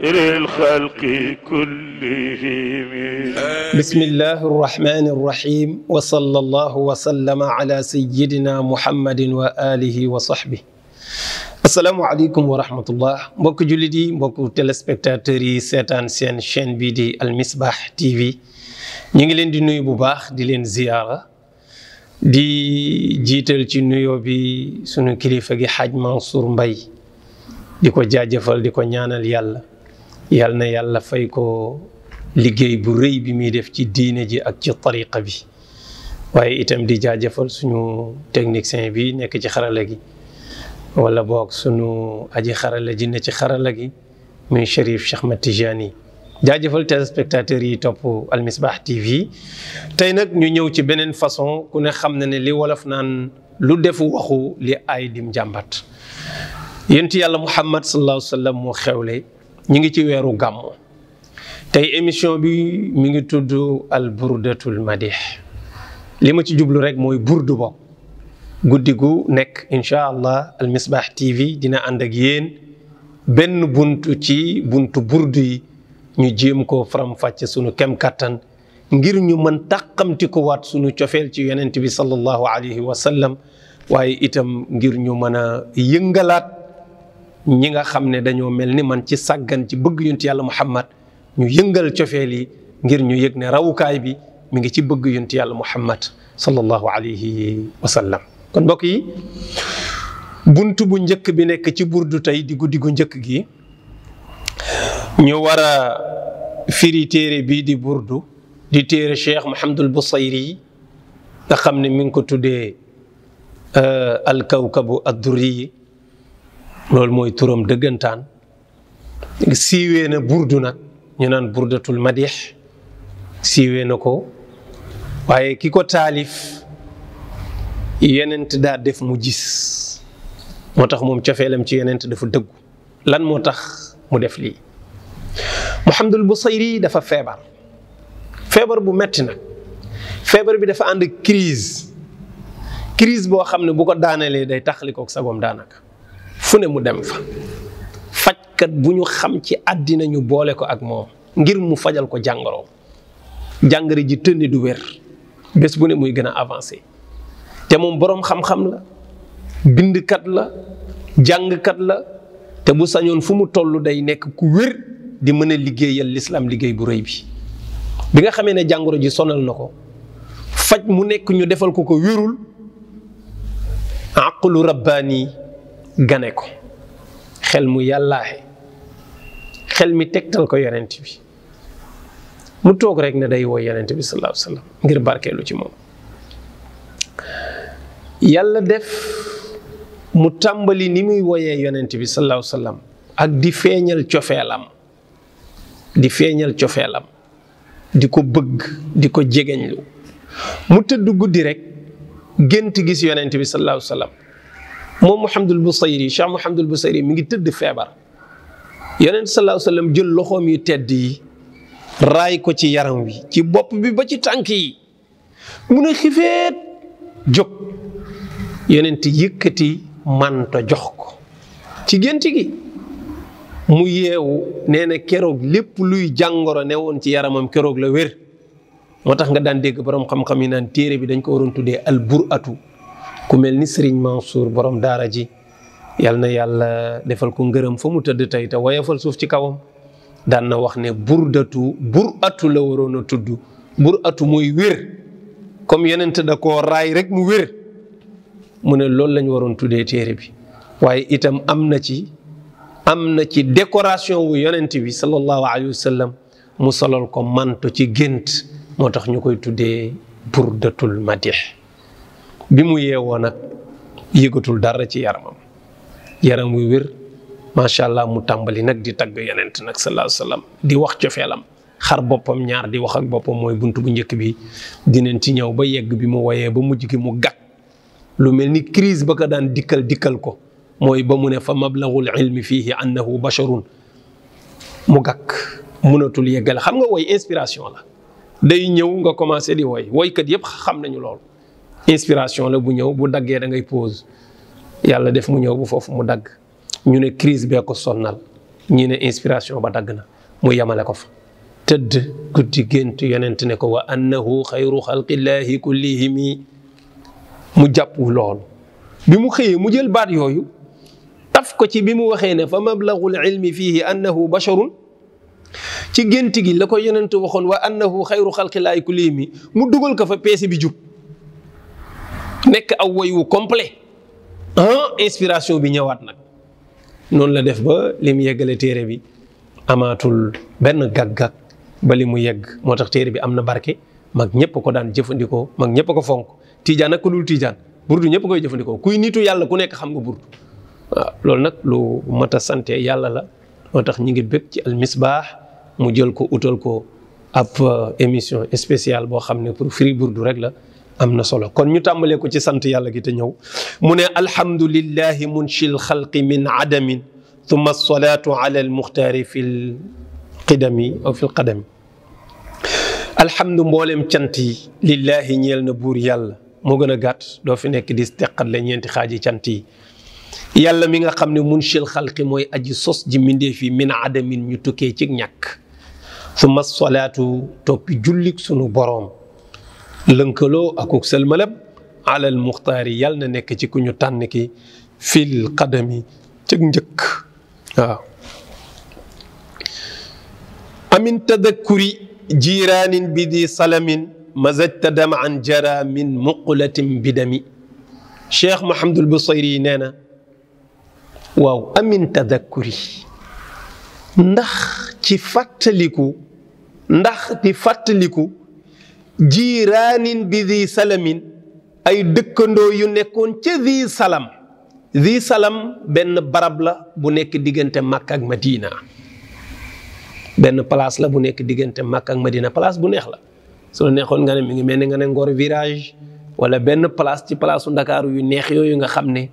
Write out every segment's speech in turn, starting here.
للخلق كلهم بسم الله الرحمن الرحيم وصلى الله وسلم على سيدنا محمد وآله وصحبه السلام عليكم ورحمة الله بوك جلدي بوك تلسبكتاتري سيتان سين شين بيدي دي تي في نيغلين دي نوي بباخ دي لين زيارة دي جيتل تي نيو بي سنو كليفة حاج منصور مباي ديكو جاجفل ديكو نيانا ليالا yal na yàlla fay ko liggéey bu rëy bi muy def ci diine ji ak ci tariqa bi waaye itam di jaajëfal suñu technicien bi nekk ci xarala gi wala boog suñu aji xarala ji ne ci xarala gi muy Cherif Cheikh Ahmed Tidiane jaajëfal téléspectateurs yi topp Al Misbah TV tey nag ñu ñëw ci beneen façon ku ne xam na ne li wolof naan lu defu waxu li ay dim jàmbat yonent yàlla Muhammad sallallahu alayhi wa sallam moo xewle ñu ngi ci weeru gàmmu tey émission bi mi ngi tudd al burdatul madih li ma ci jublu rek mooy burdu bokk guddi gu nekk incha allah al misbah tv dina ànd ak yéen benn buntu ci buntu burdu yi ñu jéem ko faram-fàcce sunu kem kattan ngir ñu mën tàqamti ko waat sunu cofeel ci yonent bi sallallahu alayhi wa waaye itam ngir ñu mën a yëngalaat ñi nga xam ne dañoo mel ni man ci sàggan ci bëgg yunt yàlla muhammad ñu yëngal cofeel yi ngir ñu yëg ne rawukaay bi mi ngi ci bëgg yunt yàlla muhammad sallallahu alayhi wa sallam kon mbokk yi bunt bu njëkk bi nekk ci burdu tey di guddi gu njëkk gi ñu war a firi téere bii di burdu di téere cheikh Mouhamadul Busayri yi nga xam ne mi ngi ko tuddee euh, alkawkabu adduri loolu mooy turam dëggantaan siiwee na burdu nag ñu naan burdatul madix siiwee na ko waaye ki ko taalif yenent daa def mu gis moo tax moom cofeelam ci yenent dafa dëggu lan moo tax mu def lii Muhammadul Busayri dafa feebar feebar bu metti nag feebar bi dafa ànd crise crise boo xam ne bu ko daanalee day taxalikook sagoom daanaka fu ne mu dem fa fajkat bu ñu xam ci àddina ñu boole ko ak moom ngir mu fajal ko jàngoro jàngoro ji tënni du wér bés bu ne muy gën a avancé te moom boroom xam-xam la bindkat la jàngkat la te bu sañoon fu mu toll day nekk ku wér di mën a liggéeyal lislaam liggéey bu rëy bi bi nga xamee ne jàngoro ji sonal na ko faj mu nekk ñu defal ko ko wérul àqulu rabbaani gane ko xel mu yàllaaxe xel mi tegtal ko yonent bi mu toog rek ne day woo yonent bi sallallahu alayhi wa sallam ngir barkeelu ci moom yàlla def mu tàmbali ni muy woyee yonent bi sallallahu alayhi wa sallam ak di feeñal cofeelam di feeñal cofeelam di ko bëgg di ko jegeñlu mu tëdd guddi rek gént gis yonent bi sallallahu alayhi wa moom mu Mouhamadul Busayri Cheikh bu Busayri mu ngi tëdd feebar yonent sallallahu alayhi jël loxoom yi tedd yi raay ko ci yaram wi ci bopp bi ba ci tànk yi mu ne xifeet jóg yonent yëkkati manto jox ko ci gént gi mu yeewu nee na keroog lépp luy jàngoro ne woon ci yaramam keroog la wér moo tax nga daan dégg borom xam-xam yi naan téere bi dañ ko waroon tuddee al atu ku mel ni Serigne Mansour borom daara ji yal na yàlla defal ko ngërëm fa mu tëdd tey te woyafal suuf ci kawam daan na wax ne burdatu bur atu la waroon a tudd bur atu mooy wér comme yenent da koo raay rek mu wér mu ne loolu lañ waroon tuddee téere bi waaye itam am na ci am na ci décoration wu yonent bi sallallahu alayhi wa mu solol ko manto ci gént moo tax ñu koy tuddee burdatul madih bi mu yewo nak yëgatul dara ci yaramam yaram wi wér macha allah mu tambali nak di tagg yonent nag sallallahu alaihi wasallam di wax felam xar bopam ñaar di wax ak bopam moy buntu bu ñeek bi dinañ ci ñew ba yegg bi mu waye ba mujj gi mu lu melni crise ba ko daan dikkel dikkel ko moy ba mu ne fa mablaghul ilmi fihi annahu basharun mu gàkk munatul yegal xam nga way inspiration la day ñew nga commencer di way kat yeb xam nañu inspiration la bu ñëw bu daggee da ngay pause yàlla def mu ñëw bu foofu mu dagg ñu ne crise bee ko sonnal ñu ne inspiration ba dagg na mu yemale ko fa tëdd guddi gént yonent ne ko wa annahu xayru xalqillaahi kullihimi mu jàpp lool bi mu xëyee mu jël baat yooyu taf ko ci bi mu waxee ne fa mablagul ilmi fiihi annahu basharun ci gént gi la ko yonent waxoon wa annahu xayru mu dugal ko fa peese bi jub nekk aw woy wu complet ah inspiration bi ñëwaat nag noonu la def ba li yeggalee téere bi amaatul benn gàg-gàg ba li mu yegg moo tax téere bi am na barke mag ñëpp ko daan jëfandikoo mag ñëpp ko fonk tiijaan ak ku dul tiijaan burdu ñëpp koy jëfandikoo kuy nitu yàlla ku nekk xam nga burdu loolu nag lu mat a sante yàlla la moo tax ñu ngi bëgg ci almisbaax mu jël ko utal ko ab euh, émission spéciale boo xam ne pour firi burdu rek la am na solo kon ñu tàmbalee ko ci sant yàlla gi te ñëw mu ne alhamdulillahi munshil xalqi min adamin thumma alsalaatu ala almuxtaari fi lqidami aw fi lqadami alhamdu mboolem cant yi lillahi ñeel na buur yàlla moo gën a gàtt doo fi nekk di teqat la ñeenti xaaji cant yi yàlla mi nga xam ne munshil xalqi mooy aji sos ji mbindeef yi min adamin ñu tukkee ci ñàkk thumma salaatu toppi jullik sunu boroom lënkaloo akuk sëlmalëb alal muxtaari yal na nekk ci ku ñu ki fil qadami cëg njëkk waaw amin tadakkuri jiranin bi di salamin mazajta damaan jara min muqulatin bidami cheikh mahamadul busayri nena nee amin tadakkuri ndax ci fàttaliku ndax di fàttaliku jiiraanin bi di salamin ay dëkkandoo yu nekkoon ca di salam di salam benn barab la bu nekk diggante Makka ak Madina benn place la bu nekk diggante Makka ak Madina place bu neex la su la neexoon nga ne mi ngi mel ni nga ne ngoro virage wala benn place ci palaasu Ndakaaru yu neex yooyu nga xam ne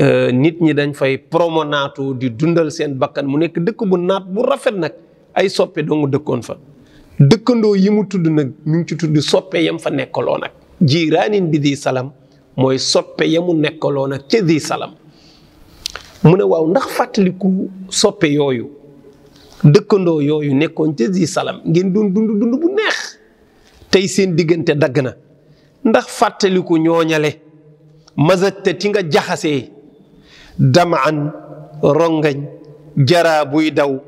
euh, nit ñi dañ fay promonaatu di dundal seen bakkan mu nekk dëkk bu naat bu rafet nag ay soppe dong dëkkoon fa. dëkkandoo yi mu tudd nag ñu ngi ci tudd soppe yam fa nekkaloo nag jiiraanin bi di salam mooy soppe yamu nekkaloo nag ca salam mu ne waaw ndax fàttaliku soppe yooyu dëkkandoo yooyu nekkoon ca salam ngeen doon dund dund bu neex tey seen diggante dagg na ndax fàttaliku ñooñale mazajta ci nga jaxasee damaan rongañ jaraa buy daw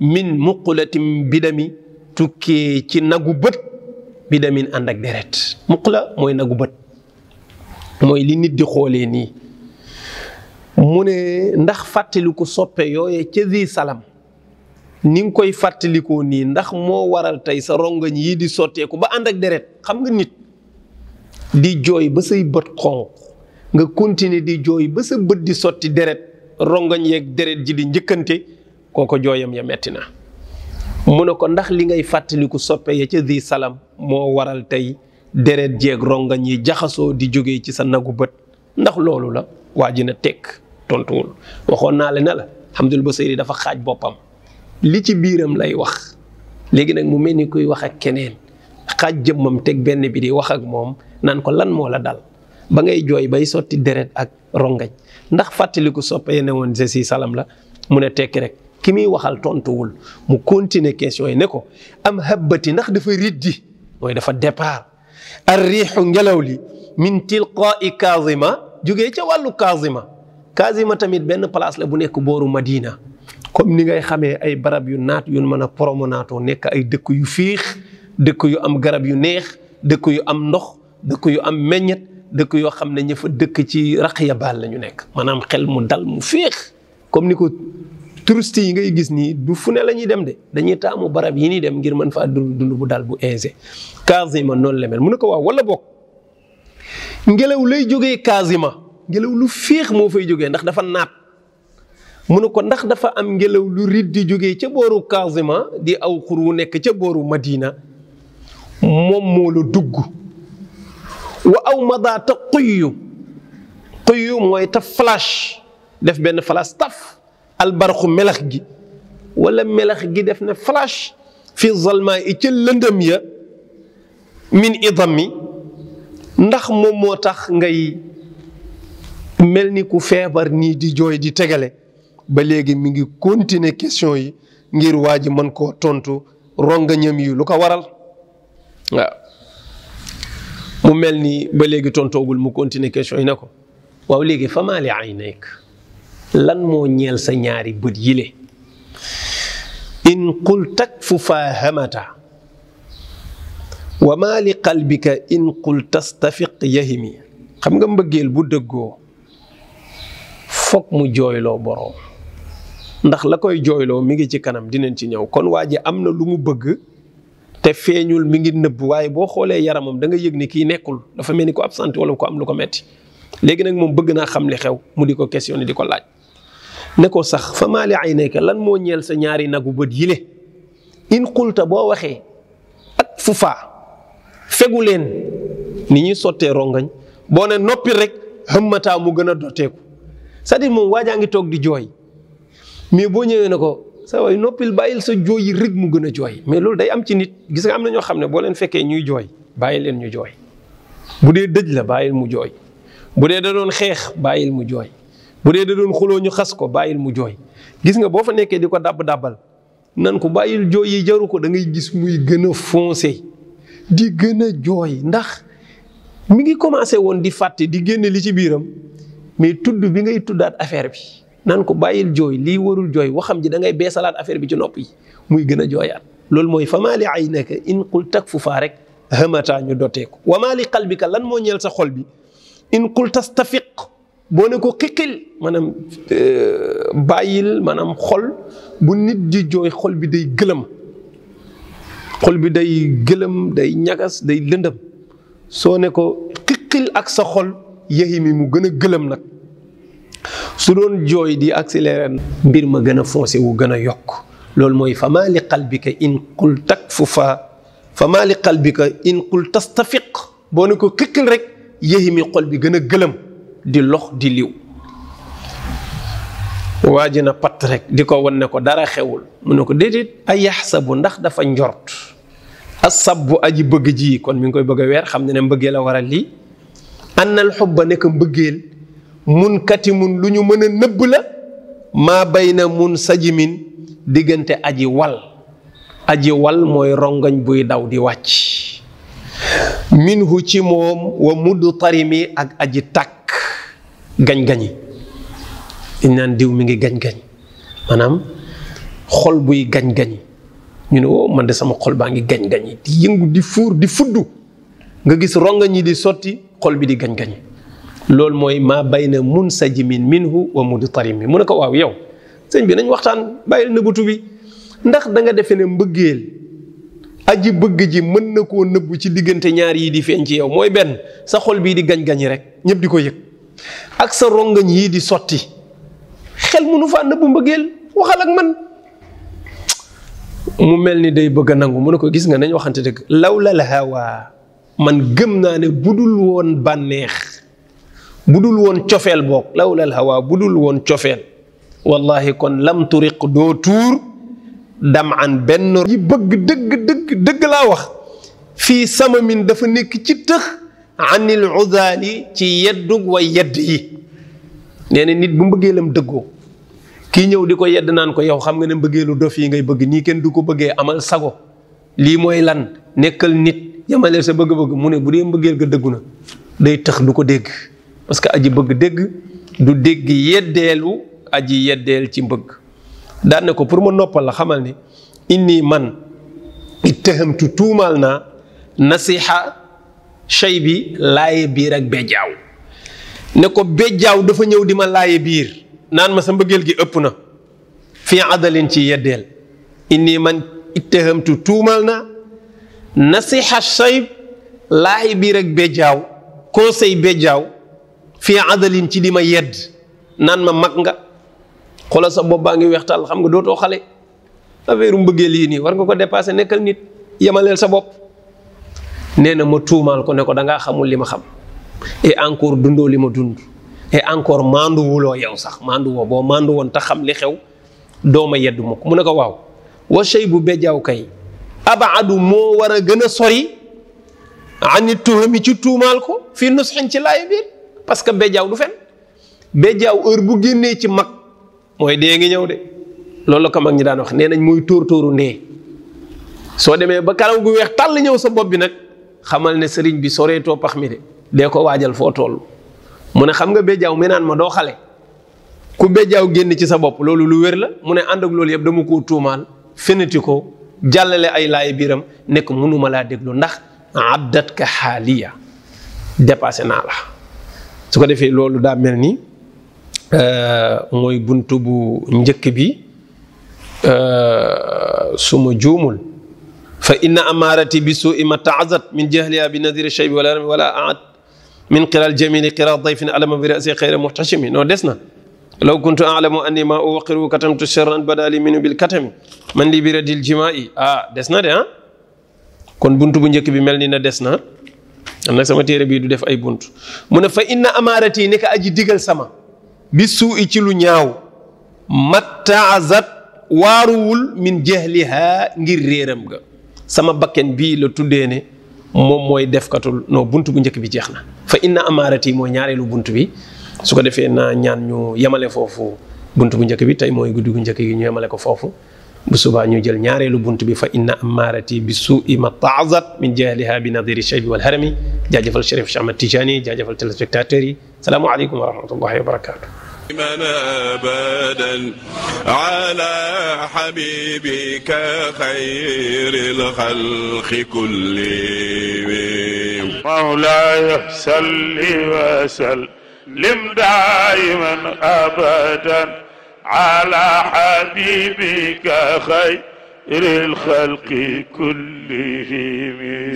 min muqulatim bidami tukkee ci nagu bët bi damin ànd ak deret muq la mooy nagu bët mooy li nit di xoolee nii mu ne ndax fàttaliku soppe yooye ca di salam ni nga koy fàttalikoo nii ndax moo waral tey sa rongañ yii di sotteeku ba ànd ak deret xam nga nit di jooy ba say bët xonq nga continuer di jooy ba sa bët di sotti deret rongañ yeeg deret ji di njëkkante kooko jooyam ya metti na mu ne ko ndax li ngay fàttaliku soppe ya ca di salam moo waral tey deret jeeg rongañ yi jaxasoo di jógee ci sa nagu bët ndax loolu la waa ji na tekk tontuwul waxoon naa la ne la Hamdul Basiri dafa xaaj boppam li ci biiram lay wax léegi nag mu mel ni kuy wax ak keneen xaaj jëmmam teg benn bi di wax ak moom naan ko lan moo la dal ba ngay jooy bay sotti deret ak rongañ ndax fàttaliku soppe ya ne woon si salam la mu ne tekki rek kimi muy waxal tontuwul mu continuer question yi ne ko am habati ndax dafa riddi moy dafa départ ar riixu ngelaw min tilqaai kazima jógee ci walu kazima kazima tamit ben place la bu nek boru Madina comme ni ngay xamé ay barab yu nat yu meuna a nek ay dëkk yu fiix dëkk yu am garab yu neex dëkk yu am ndox dëkk yu am meññet dëkk yo xamné ne dëkk ci raqiya bal lañu nek manam xel mu dal mu fiix comme ni ko touriste yi ngay gis nii du fu ne la ñuy dem de dañuy taamu barab yi ñuy dem ngir mën faa dund dund bu dal bu aisé Casamance noonu la mel mu ne ko waaw wala bokk ngelaw lay jógee Casamance ngelaw lu féex moo fay jógee ndax dafa naat mu ne ko ndax dafa am ngelaw lu rit di jógee ca booru Casamance di aw xur wu nekk ca booru Madina moom moo la dugg wa aw madaata xuyu xuyu mooy ta flash def benn flash taf albarqu melax gi walla melax gi def na flash fi zalmaa i lëndëm ya min mi ndax moom moo tax ngay mel ni ku feebar nii di jooy di tegale ba léegi mi ngi continuer question yi ngir waa ji mën koo tontu rongañam yi lu ko waral waaw mu mel ni ba léegi tontoogul mu continuer question yi ne ko waaw léegi fa maa li ay nekk lan mo ñeel sa ñaari bët yile in qultak fu fahamata wa ma li qalbika in qul tastafiq yahimi xam nga mbeugel bu deggo fok mu joylo borom ndax la koy joylo mi ngi ci kanam dinañ ci ñew kon waji amna lu mu bëgg te feñul mi ngi neub waaye bo xolé yaramam da nga yegg ni ki nekkul dafa melni ko absent wala ko am lu ko metti léegi nak mom bëgg na xam li xew mu di ko question laaj ne ko sax fa maa li aynayka lan moo ñeel sa ñaari nagu bët yile in qulta boo waxee ak fufaa fegu leen ni ñuy sottee rongañ boo ne noppi rek xëmmataa mu gën a dooteeku sa à dire waa jaa ngi toog di jooy mais boo ñëwee ne ko sa waay noppil bàyyil sa jooy yi rek mu gën a jooy mais loolu day am ci nit gis nga am na ñoo xam ne boo leen fekkee ñuy jooy bàyyi leen ñu jooy bu dee dëj la bàyyil mu jooy bu dee da doon xeex bàyyil mu jooy bu dee da doon xuloo ñu xas ko bàyyil mu jooy gis nga boo fa nekkee di ko dàbb dàbbal nan ko bàyyil jooy yi jaru ko da ngay gis muy gën a foncé di gën a jooy ndax mi ngi commencé woon di fàtte di génne li ci biiram mais tudd bi ngay tuddaat affaire bi nan ko bàyyil jooy lii warul jooy waxam ji da ngay beesalaat affaire bi ci nopp yi muy gën a jooyaat loolu mooy fa famaa li aynaka in qulta kfufaa rek hamataa ñu doteeku wamaa li qalbika lan moo ñeel sa xol bi in qulta stafiq boo ne ko xiqil maanaam euh, bàyyil maanaam xol bu nit di jooy xol bi day gëlëm xol bi day gëlëm day ñagas day lëndëm soo ne ko xiqil ak sa xol yehi mi mu gën a gëlëm nag su doon jooy di accéléré mbir ma gën a foncé wu gën a yokk loolu mooy famaa li qalbika in qul takfufa famaa li qalbika in qul tastafiq boo ne ko xiqil rek yehi mi xol bi gën a gëlëm di lox di liw wajina pat rek di wonne ko dara xewul mu dedit ay yahsabu ndax dafa njort aji bëgg ji kon mi ngi koy bëgg weer xam ne ne la wara li an al hubba nek mbëggeel mun katimun luñu nebula mën la ma bayna mun sajimin digante aji wal aji wal moy rongañ buy daw di wacc minhu ci moom wa mudd ak aji tak gañ-gañi dañ naan diw mi ngi gañ-gañ maanaam xol buy gañ-gañi ñu ne oh man de sama xol baa ngi gañ-gañi di yëngu di fuur di fudd nga gis rongañ yi di sotti xol bi di gañ-gañi loolu mooy maa bayna munsajimin minhu wa mudtarim mi mu ne ko waaw yow sëñ bi nañ waxtaan bàyyil nëbbatu bi ndax danga defe ne mbëggeel aji bëgg ji mën na koo nëbbu ci diggante ñaar yi di feeñ ci yow mooy benn sa xol bii di gañ-gañi rek ñëpp di ko yëg ak sa rongañ yi di soti xel munu fa nëbbu waxal ak man mu melni day bëgg nangu mu ne ko gis nga nañ waxante deug lawla la hawa man gëm na ne budul won banex budul won ciofel bok lawla al hawa budul won ciofel wallahi kon lam turiq do tour dam an yi bëgg deug deug deug la wax fi sama min dafa nek ci teukh anil udali ci yeddug way yedd yi neena nit bu lam deggo ki ñew diko yedd naan ko yow xam nga ne lu dof yi ngay bëgg ni kenn du ko amal sago li moy lan nekkal nit yamale sa bëgg-bëgg mu ne bu dé mbeugé ga degguna day tax du ko dégg parce que aji bëgg dégg du dégg yeddelu aji yeddel ci mbeug daan ne ko pour mo noppal la xamal ni inni man ittahamtu tumalna nasiha shay bi laye bir ak bejaw ne ko bejaw dafa ñew dima ma bir nan ma sa mbeugel gi ëpp na fi adalin ci yeddeel inni man ittahamtu tumalna na nasiha shay laye bir ak bejaw conseil bejaw fi adalin ci di ma yedd nan ma mag nga xola sa bobba nga wextal xam nga doto xale affaire mbeugel yi ni war nga ko dépasser nekkal nit yamalel sa bobba nee na ma tuumaal ko ne ko da xamul li ma xam et encore dundoo li ma dund ay encore maandu wuloo yow sax maandu woo boo maandu woon te xam li xew dooma yeddu ma mu ne ko waaw wa shay bu bejaaw kay abaadu moo war a gën a sori ani tuhami ci tuumaal ko fii nusxin ci laay biir parce que bejaaw du fen bejaaw heure bu génnee ci mag mooy dee ngi ñëw de loolu ko mag ñi daan wax nee nañ muy tóor tóoru soo demee ba karaw gu weex tàll ñëw sa bopp bi nag xamal ne sëriñ bi soreetoo pax mi de dee ko waajal foo toll mu ne xam nga béjaaw mi naan ma doo xale ku béjaaw génn ci sa bopp loolu lu wér la mu ne ànd ak yëpp dama koo tuumaal ko jàllale ay laay biiram nekk mënuma laa déglu ndax abdat ka xaaliya dépassé naa la su ko defee loolu daa mel nii euh, mooy bunt bu njëkk bi euh, su ma juumul fa inna amaarati bi suui ma taazat min jahliha bi nadiri shaybi wala rami wala aad min qiral jamili qiral dayfin alama bi rasi xayra muhtashimi non des na law kuntu alamu anni ma uwaqiru katamtu sharran badali minu bil katami man li bi radil jimaa'i ah des na de ah kon buntu bu njëkk bi mel ni na des na nag sama téere bii du def ay bunt mu ne fa inna amaarati ni ka aji digal sama bi suui ci lu ñaaw ma taazat waaruwul min jahliha ngir réeram ga sama bakken bii la tuddee ne moom mooy defkatul non bunt bu njëkk bi jeex na fa inna amaarati mooy ñaareelu bunt bi su ko defee naa ñaan ñu yemale foofu bunt bu njëkk bi tey mooy guddi gu njëkk yi ñu yemale ko foofu bu subaa ñu jël ñaareelu bunt bi fa inna amaarati bi su suui ma taazat min jahliha bi nadiri shaybi wal harami jaajëfal Chérif Cheikh Ahmed Tidiane jaajëfal téléspectateurs yi salaamualeykum wa rahmatullahi wa barakaatu من ابدا على حبيبك خير الخلق كلهم مولاي صلي وسلم دائما ابدا على حبيبك خير الخلق كلهم